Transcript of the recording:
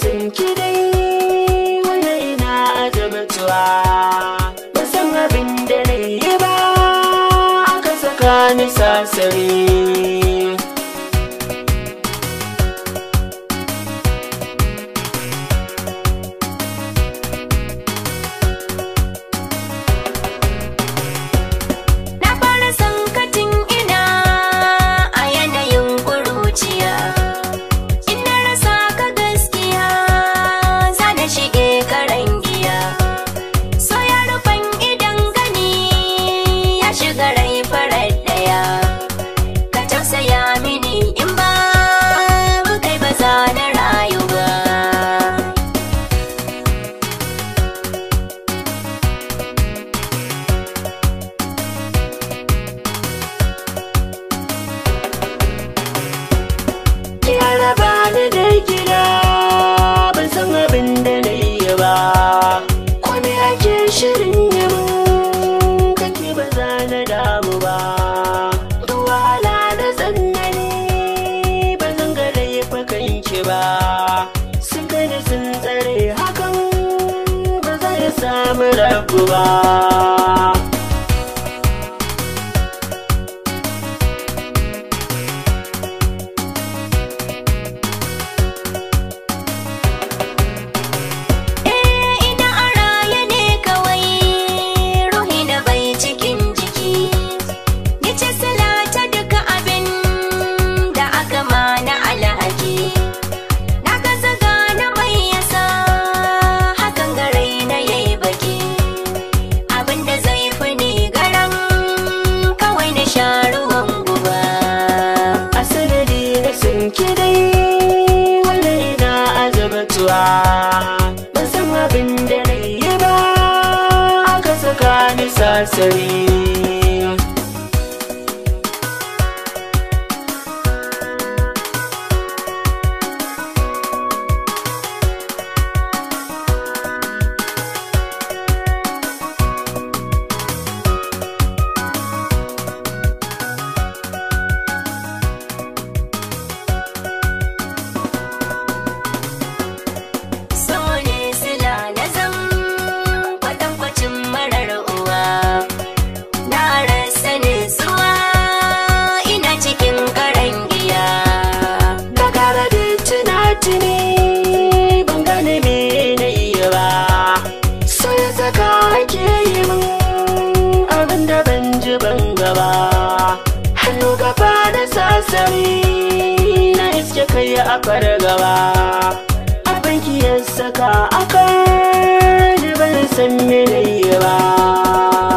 san ki dai wanda ina ajabtuwa ba san abin da na yi ba aka saka ni sasari da kuba é sorry gari na iske kai a gaba, a ki ya saka a kan ban san mene ba